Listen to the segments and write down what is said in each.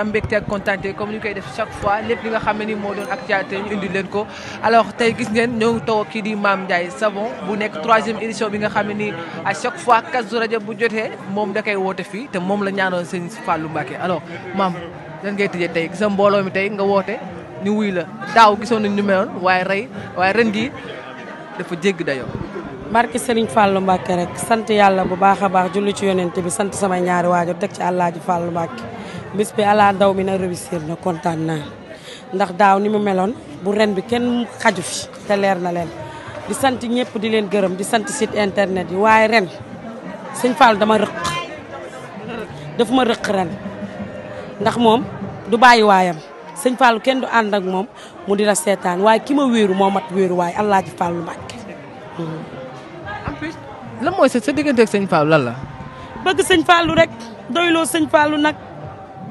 am mbégte ak kontaante comme ni ñu koy def chaque fois lépp li nga xam ni moo doon actualité ñu indi leen ko alors tey gis ngeen ñoo ngi toog kii di Mame Ndiaye Savon bu nekk troisième édition bi nga xam ne nii à chaque fois Kazu Rajab bu jotee moom da koy woote fii te moom la ñaanoon sëñ Fallou Mbacké alors maam lan ngay tëjee tey gisa mbooloo mi tey nga woote ni wuy la daaw gisoon nañ ñu meloon waaye rey waaye ren gi dafa jégg dayoo barke Serigne Fallou Mbacké rek sant yàlla bu baax a baax julli ci yonent bi sant samay ñaari waajur teg ci Àllaaji Fallou Mbacké bis bi ala ndaw mi na réussir na kontaan naa ndax daaw ni mu meloon bu ren bi kenn xaju te leer na leen di sant ñëpp di leen gërëm di sant site internet yi waaye ren sëñ Fall dama rëq daf ma rëq ren ndax moom du bàyyi waayam sëñ Fall kenn du ànd ak moom mu di la seetaan waaye ki ma wéeru moo mat wéeru waaye allah ji Fall Mbàkke hmm. en sa sa ak sëñ Fall lan la bëgg sëñ Fallu rek doyloo sëñ Fallu nag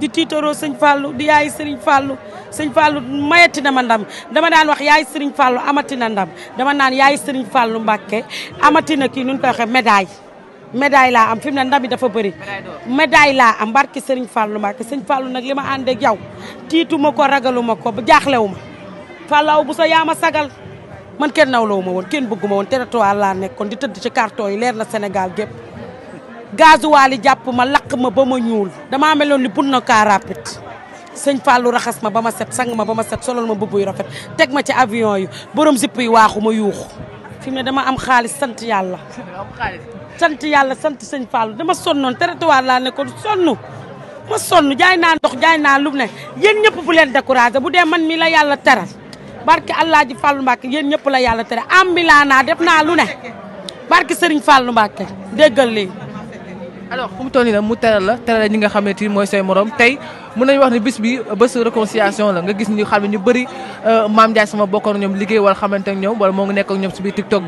di tiitaroo sëñ Fallou di yaay sëriñ Fallou sëñ Fallou mayati na ma ndam dama daan wax yaay sëriñ Fallou amati na ndam dama naan yaay sëriñ Fallou Mbacké amati na kii nu ñu koy waxee médaille médaille laa am fi mu ne ndam yi dafa bëri médaille laa am barki sëriñ Fallou Mbacké sëñ Fallou nag li ma ànd yow tiitu ma ko ragalu ma ko jaaxlewu ma Fallou bu sa yaa ma sagal man kenn nawloo ma woon kenn bëggu ma woon territoire laa nekkoon di tëdd ci carton yi leer na Sénégal gépp gazuwaali jàpp ma lakk ma ba ma ñuul damaa meloon ni bun na kaa rapide sëñ Fallou raxas ma ba ma set sang ma ba ma set solol ma mbubb yu rafet teg ma ci avion yi borom zipp yi waaxu ma yuuxu fi mu ne dama am xaalis sant yàlla sant yàlla sant sëñ Fallou dama sonnoon territoire laa nekkoon sonn ma sonn jaay naa ndox jaay naa lu ne yéen ñëpp bu leen découragé bu dee man mi la yàlla teral barke Alaaji Fallou Mbacke yéen ñëpp la yàlla teral am bi laa naa dem naa lu ne barke Serigne Fallou Mbacke alors fu mu yi nii mu teral la teral ñi nga xam ne ti mooy say morom tey mën nañu wax ni bis bi bés réconciliation la nga gis ñu xam ne ñu bëri euh, Mame Ndiaye sama bokkoon ñoom liggéey wala xamante ak ñoom wala moo ngi nekk ak ñoom si biir TikTok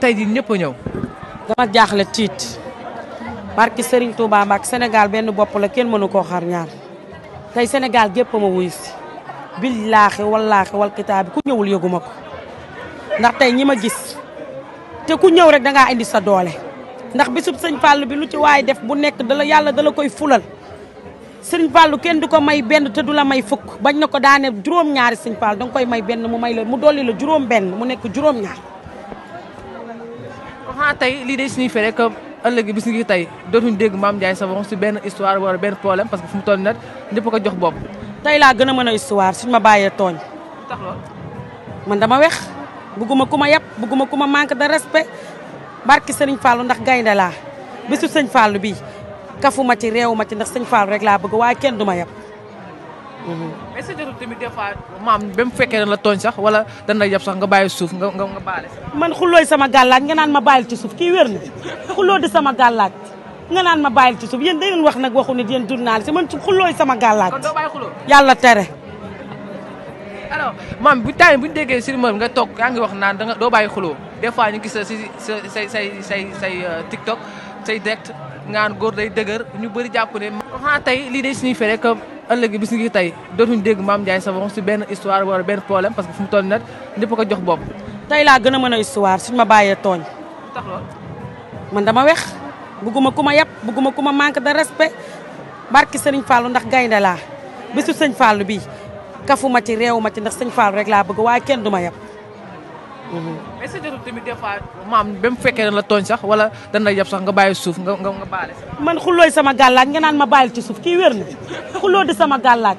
tey ji ñëpp ñëw dama jaaxle tiit barki Serigne Touba Mbacke Sénégal benn bopp la kenn mënu koo xar ñaar tey Sénégal gépp ma wuyu si billaahi wallaahi wal kitaabi ku ñëwul yëguma ko ndax tey ñi ma gis te ku ñëw rek dangaa indi sa doole ndax bisub sëñ Fallou bi lu ci waay def bu nekk dala yàlla dala koy fulal sëñ Fallou kenn du ko may benn te du la may fukk bañ ne ko daane juróom-ñaari sëñ Fallou danga koy may benn mu may la mu dolli la juróom-benn mu nekk juróom-ñaar. waxaa tey lii day signifié rek ëllëg bis ngi tey dootuñu dégg Mame sa Savon si benn histoire wala benn problème parce que fu mu toll nag ñëpp ko jox bopp. tey laa gën a mën a histoire suñ ma bàyyee tooñ. tax ku ma yàpp bugguma ku ma manque de barki sëriñ Fallou ndax gaynde laa bésu sëñ Fallou bi kafu ma ci réew ma ci ndax sëñ Fallou rek laa bëgg waaye kenn du ma yab. mais mm-hmm. sa jotul tamit maam ba mu fekkee dañ la tooñ sax wala dañ la yab sax nga bàyyi suuf nga nga nga baale. man xullooy sama gàllaaj nga naan ma bàyyil ci suuf kii wér na xulloo di sama gàllaaj nga naan ma bàyyil ci suuf yéen da ngeen wax nag waxu nit yéen journaliste man xullooy sama gàllaaj. kon doo bàyyi xuloo yàlla tere. alors maam bu temps bu ñu déggee si nga toog yaa ngi wax naan danga doo bàyyi xuloo des fois ñu gis si say say say say euh, TikTok say direct ngaan góor day dëgër ñu bëri jàpp ne. xanaa tey lii day suñuy fere que bi bis ngi tey dootuñu dégg Mame sa Savon si benn histoire wala benn problème parce que fu mu toll nag ñëpp ko jox bopp. tey laa gën a mën a histoire suñ ma bàyyee tooñ. tax lool man dama wex bugguma ku ma yàpp bugguma ku ma manque de respect barki sëriñ Fallou ndax gaynde laa bisu sëñ Fallou bi kafu ma ci réew ma ci ndax sëñ Fallou rek laa bëgg waaye kenn du ma yàpp est-ce mm-hmm. que jotul tamit maam ba mu fekkee dañ la tooñ sax wala dañ la sax nga bàyyi suuf nga nga baale man xulooy sama gàllaaj nga naan ma bàyyil ci suuf kii wér na xulloo di sama gàllaaj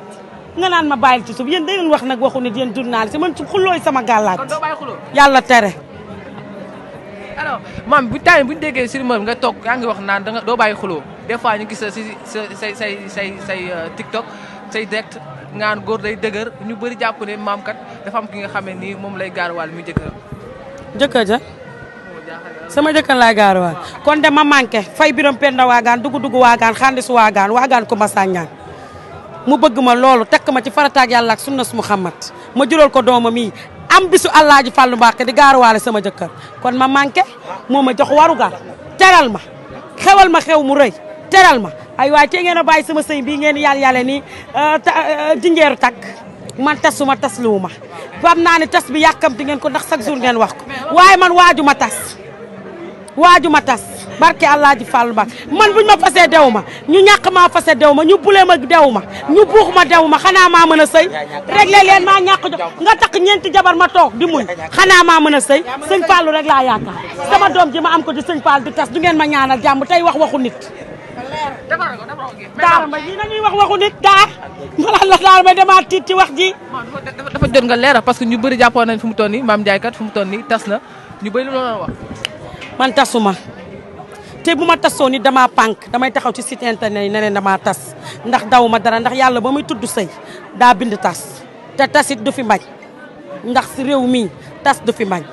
nga naan ma bàyyil ci suuf yéen da ngeen wax nag waxu nit yéen journaliste man xullooy sama gàllaaj kon doo bàyyi xuloo yàlla tere alors maam bu temps bu ñu déggee si rumeur nga toog yaa ngi wax naan danga doo bàyyi xuloo des fois ñu gis sa sa say say say say euh, TikTok say direct nga naan góor day dëgër ñu bëri jàpp ne maam kat dafa ki nga xam ne nii moom lay gaaruwaal muy jëkkëram. jëkkër ja sama jëkkër laay gaaruwaal kon de ma manqué fay biram penda waagaan dugg-dugg waagaan xandis waagaan waagaan ko ma sàññaan mu bëgg ma loolu tekk ma ci farataag yàlla ak sunna su ma jural ko doomam i ambisu bisu Allaaji Fàllu di gaar gaaruwaale sama jëkkër kon ma manqué moo ma jox warugar teral ma xewal ma xew mu rëy teral ma ay waay tey ngeen a bàyyi sama sëy bii ngeen yàll yàlle ni jinjeeru takk man tasuma tas liwu ma fam naa ne tas bi yàkkamti ngeen ko ndax chaque jour ngeen wax ko waaye man waaju ma tas waaju ma tas barke allah ji fàllu ba man buñ ma fasee dew ma ñu ñàkk maa fase dew ma ñu bulee ma dew ma ñu buux ma dew ma xanaa maa mën a sëy réglé leen maa ñàkk jox nga takk ñeenti jabar ma toog di muñ xanaa maa mën a sëy sëñ Fallou rek a yaakaar sama doom ji ma am ko di sëñ Fallou di tas du ngeen ma ñaanal jàmm tey wax waxu nit daar ma ji nañuy wax waxu nit daar la daar ma demaat tiit ci wax ji dafa jot nga leeral parce que ñu bëri jàppoon nañ fu mu toll nii maam Ndiaye kat fu mu toll nii tas na ñu bëri loolu la man tasuma te bu ma tasoo ni damaa pànk damay taxaw ci site internet yi ne leen tas ndax daw ma dara ndax yàlla ba muy tudd sey daa bind tas te tasit du fi mbañ ndax si réew mii tas du fi mbañ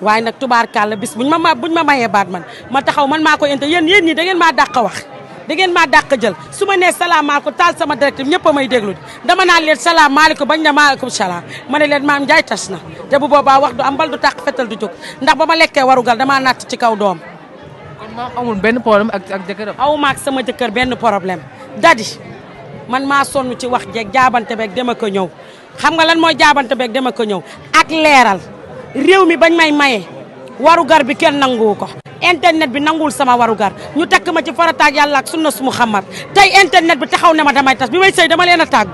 waaye nag tubaarkàlla bis buñ ma ma buñ ma mayee baat man ma taxaw man maa ko inte yéen yéen ñi da ngeen maa dàq wax da ngeen maa jël suma ma nee salaamaaleykum taal sama directive ñëpp may déglu dama naan leen salaamaaleykum bañ na maaleykum salaam ma ne leen maam Njaay tas na te bu boobaa wax du am bal du tàq fetal du jóg ndax ba ma lekkee warugal damaa naat ci kaw doom. kon maa amul benn problème ak ak jëkkëram. aw ma ak sama jëkkër benn problème dadi man maa sonn ci wax jeeg jaabante beeg dama ko ñëw xam nga lan mooy jaabante beeg dama ko ñëw ak leeral réew mi bañ may maye warugar bi kenn nanguwu ko. internet bi nanguwul sama warugar ñu takk ma ci farataag yàlla ak sunna su Muhammad tey internet bi taxaw ne ma damay tas bi may sëy dama leen a tàggu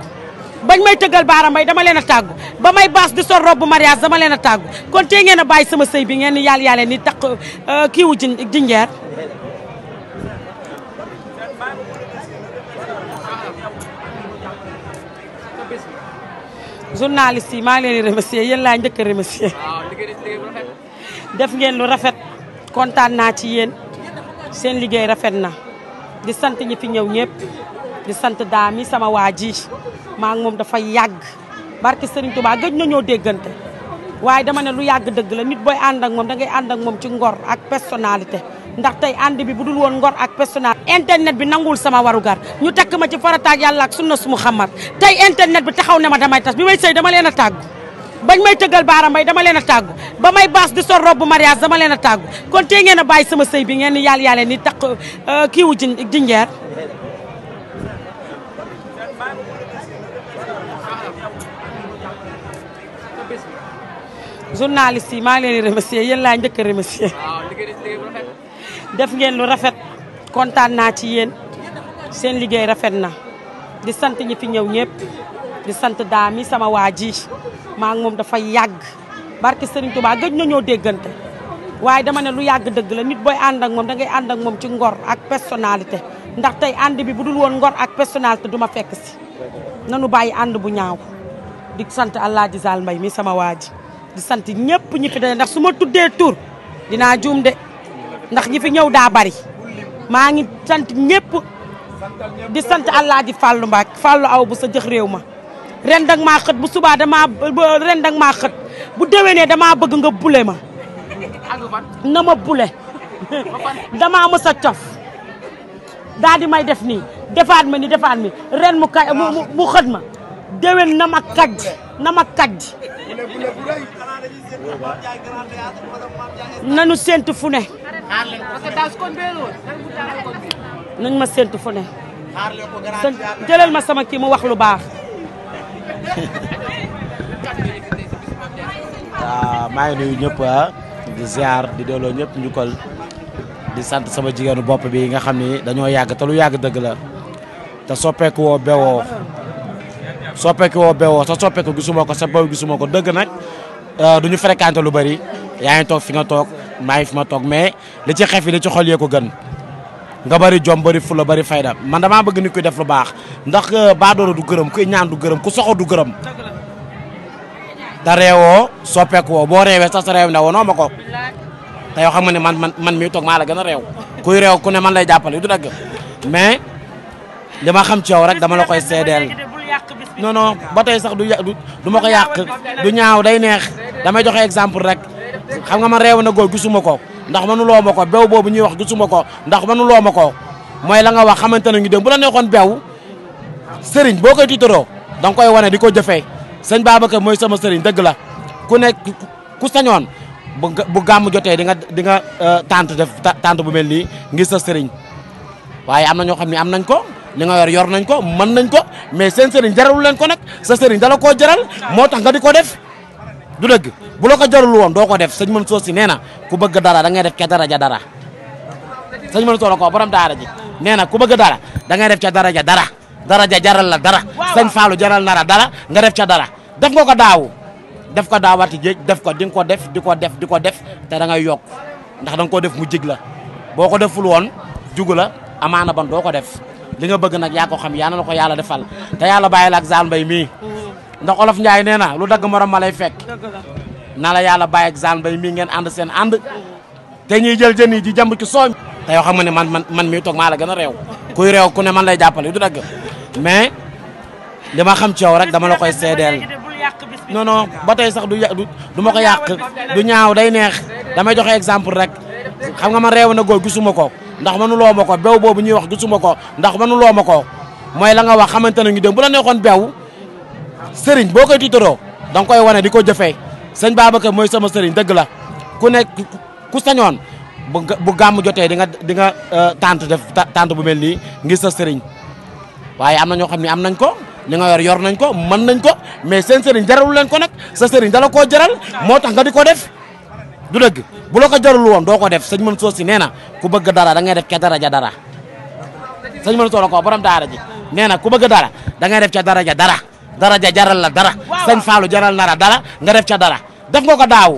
bañ may tëggal mbay dama leen a tàggu ba may baas di sol robe mariage dama leen a tàggu kon tey ngeen a bàyyi sama say bi ngeen ni yàlla yàlla ni takk euh, kiiwu ji jinjeer journaliste yi maa ngi leen di remercier yéen def ngeen lu rafet kontaan naa ci yéen seen liggéey rafet na di sant ñi fi ñëw ñëpp di sant daa mi sama waa ji maa moom dafa yàgg barke Serigne Touba gëj na ñoo déggante waaye dama ne lu yàgg dëgg la nit booy ànd ak moom da ngay ànd moom ci ngor ak personnalité ndax tey ànd bi bu dul woon ngor ak personnalité internet bi nangul sama warugar ñu tekk ma ci farataak yàlla ak sunna su Muhammad tey internet bi xaw ne ma damay tas bi may sëy dama leen a tàggu bañ may tëggal baara mbay dama leen a tàggu ba may baas di sol robe mariage dama leen a tàggu kon tey ngeen a bàyyi sama sëy bi ngeen ni yàlla yàlla ni taq euh, kii wu jinjeer journaliste yi maa ngi leen di remercier yéen laa njëkk a def ngeen lu rafet kontaan naa ci yéen seen liggéey rafet na di sant ñi fi ñëw ñëpp di sant daa mi sama waa ji maa ngi moom dafa yàgg barke Serigne Touba gëj na ñoo déggante waaye dama ne lu yàgg dëgg la nit booy ànd ak moom da ngay ànd ak moom ci ngor ak personnalité ndax tey ànd bi bu dul woon ngor ak personnalité du ma fekk si nanu bàyyi ànd bu ñaaw di sant allaaji di mbay mi sama waaji di sant ñëpp ñi fi daje ndax su ma tuddee tur dinaa juum de ndax ñi fi ñëw daa bari maa ngi sant ñëpp di sant allah di fàllu mbaak fàllu aw bu sa jëx réew ma ren danga maa xët bu subaa damaa ren danga maa xët bu déwénee damaa bëgg nga bule ma na ma bule damaa mës a cof daa may def nii defaat ma ni defaat mi ren mu xët ma déwén na ma kaj na ma kaj nanu sent fu ne nañ ma séentu fu ne jëlal ma sama kii mu wax lu baax waaw maa ngi nuyu ñëpp ah, di ziar di delloo ñëpp njukkal di sant sama jigéenu bopp bi nga xam ni dañoo yàgg te lu yàgg dëgg la te soppeeku bewoo soppeeku woo bewoo sa soppeeku gisuma ko sa bopp gisuma ko dëgg nag euh, du ñu fréquenté lu bëri yaa ngi toog fi nga toog maa ngi fi ma toog mais li ci xef yi li ci xol yee ko gën. nga bari jom bari fula bari fayda man damaa bëgg nit kuy def lu baax ndax euh, baadoolo du gërëm kuy ñaan du gërëm ku soxo du gërëm da reewoo soppeeku woo boo reewee sax sa reew na woonoo ma ko te yoo xam nga ne man man man mii toog maa la gën a reew kuy reew ku ne man lay jàppale du dagg mais li ma xam ci yow rek dama la koy seedeel noonoo ba tey sax du du ma ko yàq du ñaaw day neex dama joxe exemple rek xam nga ma reew na góor gisuma ko ndax mënuloo ma ko bew boobu ñuy wax gisuma ko ndax mënuloo ma ko mooy la nga wax xamante nañu dem bu la neexoon bew sëriñ boo koy tiitaroo da nga koy wane di ko jëfee sëñ Babacar mooy sama sëriñ dëgg la ku nekk ku sañoon bu gàmm jotee di nga di nga euh, tànt def tànt bu mel nii ngir sa sëriñ waaye am na ñoo xam ne am nañ ko li nga yor yor nañ ko mën nañ ko mais seen sëriñ jaralul leen ko nag sa sëriñ dala koo jaral moo tax nga di ko def du dëgg bu la ko jarul woon doo ko def sëñ Mansour Sy nee na ku bëgg dara da ngay def ca dara ja dara sëñ Mansour ko borom daara ji nee na ku bëgg dara da def ca dara ja dara dara ja jaral la dara sëñ Fallou jaral na la dara nga def ca dara def nga ko daaw def ko daawati jéeg def ko di nga ko def di ko def di ko def te da ngay yokk ndax dang nga koo def mu jig la boo ko deful woon jugu la amaana ban doo ko def li nga bëgg nag yaa ko xam yaa na la ko yàlla defal te yàlla la ak ndax olof Njaay nee na lu dagg morom ma lay fekk na la yàlla bàyyi ak ba Mbaye mii ngeen ànd seen ànd te ñuy jël jën yi di jàmb ci sooñ te yoo xam nga ne man man man mii toog maa la gën a réew kuy réew ku ne man lay jàppale du dagg mais li ma xam ci yow rek dama la koy seedeel non non ba tey sax du du ma ko yàq du ñaaw day neex damay joxe exemple rek xam nga ma reew na góor gisuma ko ndax manu loo ma ko bew boobu ñuy wax gisuma ko ndax manu loo ma ko mooy la nga wax xamante ne ñu dem bu la neexoon bew sëriñ boo koy tiitaroo da koy wane di ko jëfee sëñ Babacar mooy sama sëriñ dëgg la ku nekk ku sañoon bu bu gàmm jotee di nga di euh, tànt def tànt bu mel nii ngir sa sëriñ waaye am na ñoo xam ne am nañ ko li nga yor yor nañ ko mën nañ ko mais seen sëriñ jaralul leen ko nag sa sëriñ dala koo jaral moo tax nga di ko def du dëgg bu la ko jarul woon doo ko def sëñ mën soo si nee na ku bëgg dara da ngay def ca dara dara sëñ mën soo la ko borom daara ji nee na ku bëgg dara da ngay def ca dara ja dara dara ja jaral la dara sëñ Fallou jaral na dara nga def ca dara def nga ko daaw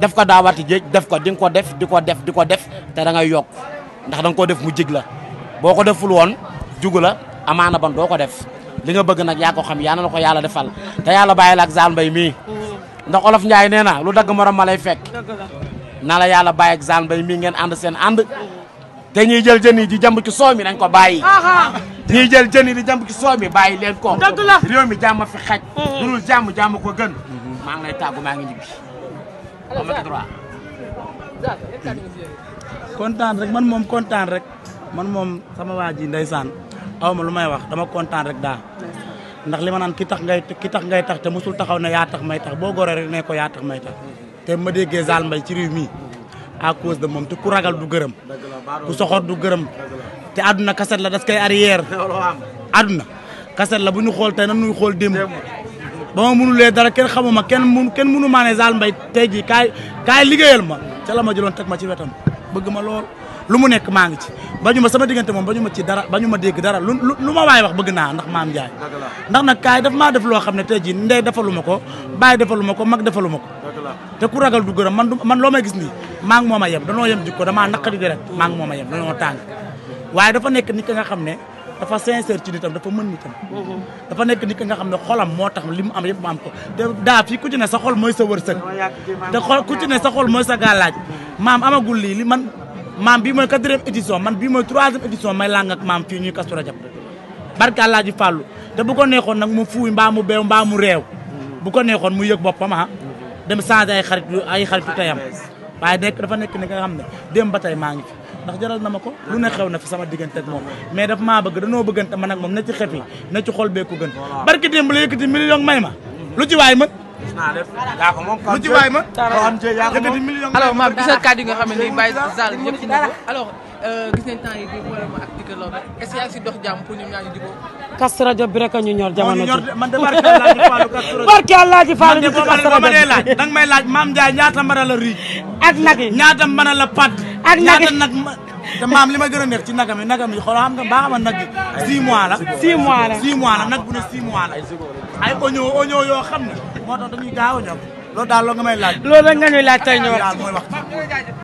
def ko daawati jéeg def ko di nga ko def di ko def di ko def te da ngay yokk ndax da nga koo def mu jig la boo ko deful woon jugu la amaana ban doo ko def li nga bëgg nag yaa ko xam yaa na la ko yàlla defal te yàlla bàyyi la ak Zale Mbaye mii mm. ndax olof Ndiaye nee na lu dagg morom ma lay fekk na la yàlla bàyyi ak Zale Mbaye mii ngeen ànd seen ànd te ñuy jël jën yi di jàmb ci soow ko bàyyi ñiy jël jën yi di jàmb ci soo mi bàyyi leen ko dëgg la réew fi xaj mm-hmm. dul jàmm jàmm ko gan maa ngi lay tàggu ngi ñibbi kontaan rek man moom kontaan rek man moom sama waa ji ndeysaan aw ma lu may wax dama kontaan rek daa mm-hmm. ndax li ma naan ki tax ngay ki tax ngay tax te mosul taxaw ne yaa tax may tax boo goree rek ne ko yaa tax may tax mm-hmm. te ma déggee Zal Mbaye ci réew mi à cause de moom te ku ragal du gërëm ku soxor du gërëm te àdduna kaset la das koy arrière àdduna kaset la bu ñu xool tey nan nuy xool démb ba ma mënulee dara kenn xamuma kenn mënu kenn mënu maa ne Zale tey jii kaay kaay liggéeyal ma ca la ma jëloon teg ma ci wetam bëgg ma lool lu mu nekk maa ngi ci bañu ma sama diggante moom ba ñu ma ci dara ba ñu ma dégg dara lu lu ma waay wax bëgg naa ndax maam Ndiaye ndax nag kaay daf maa def loo xam ne te jii ndey defaluma ko bàyyi defaluma ko mag defaluma ko te ku ragal du gërëm man man loo may gis nii maa moom a yem danoo yem jikko damaa naqari di moom a yem danoo tàng waaye dafa nekk nit ki nga xam ne dafa sincère ci nitam dafa mën nitam mhm. dafa nekk nit ki nga xam ne xolam moo tax li mu am yëpp mu ko te ku ci sa xol mooy sa wërsëg te xol ku ci sa xol mooy sa gàllaaj maam amagul lii li man maam bii mooy quatrième édition man bii mooy troisième édition may làng ak maam fii ñuy Kazu Rajab barke Alaaji dem changé ay xarit ay xaritu tayam waaye nekk dafa nekk ni nga xam ne démb ba tey maa ngi fi ndax jaral na ma ko lu ne xew na fi sama diggante ak moom mais daf maa bëgg danoo bëggante man nag moom na ci xef yi na ci xol beeku gën barki démb la yëkkati million may ma lu ci waay mën yaa ko moom lu ci bàyyi ma. alors maam gis na kàddu yi nga xam ne nii Baye Zale ñëpp ci dara alors euh, gis nañ temps yi di problème ak Ticket Laobé est-ce que yaa ngi si dox jàmm pour ñun ñaa ñu jubóo. Kas rajo bi rek a ñu ñor jamono ji. man de barke Alaaji Faalu Kas rajo. barke Alaaji Faalu ñu ci Kas rajo bi man de booba ma dee laaj danga may laaj maam Ndiaye ñaata mën la riz. ak nag yi ñaata mën la pàdd. ak nag yi ñaata nag te maam li ma gën a neex ci nagam yi nagam yi xooloo xam nga baax ma nag yi 6 mois la. 6 mois la 6 mois la nag bu ne 6 mois la. ay oignon oignon yoo xam ne moo tax dañuy gaaw a ñor loolu daal loo nga may laaj. loolu rek nga ñuy laaj tey